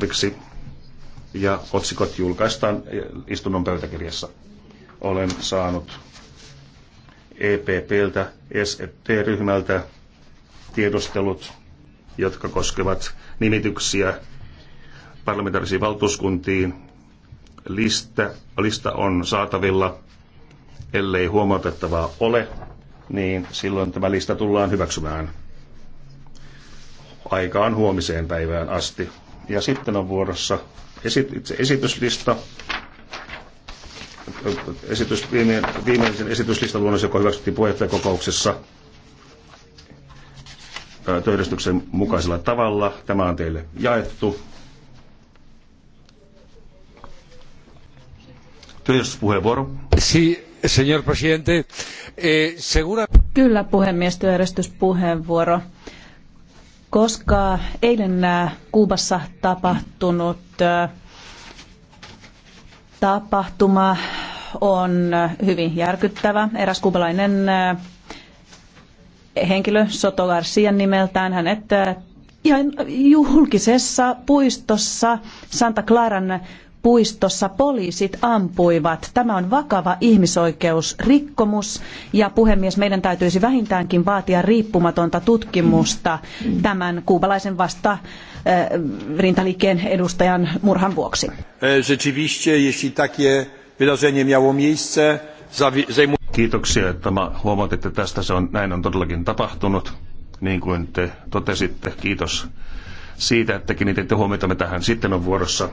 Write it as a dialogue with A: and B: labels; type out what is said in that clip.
A: miksi ja otsikot julkaistaan istunnon pöytäkirjassa. Olen saanut EPPltä, ST-ryhmältä tiedustelut, jotka koskevat nimityksiä parlamentaarisiin valtuuskuntiin. Lista, lista on saatavilla, ellei huomautettavaa ole, niin silloin tämä lista tullaan hyväksymään. Aika on huomiseen päivään asti. Ja sitten on vuorossa esi- itse esityslista. Esitys, viime, viimeisen luonnos, joka hyväksyttiin puheenjohtajakokouksessa työjärjestyksen mukaisella tavalla. Tämä on teille jaettu. Työjärjestyspuheenvuoro. Si, señor presidente. Eh, segura...
B: Kyllä puhemies, työjärjestyspuheenvuoro koska eilen äh, Kuubassa tapahtunut äh, tapahtuma on äh, hyvin järkyttävä. Eräs kuubalainen henkilö, Soto Garcia nimeltään, hänet ihan julkisessa puistossa Santa Claran puistossa poliisit ampuivat. Tämä on vakava ihmisoikeusrikkomus ja puhemies, meidän täytyisi vähintäänkin vaatia riippumatonta tutkimusta tämän kuubalaisen vasta eh, rintaliikkeen edustajan murhan vuoksi.
A: E, Kiitoksia, että takie wydarzenie Kiitoksia, että huomautitte tästä. Se on, näin on todellakin tapahtunut, niin kuin te totesitte. Kiitos siitä, että kiinnititte huomiota tähän. Sitten on vuorossa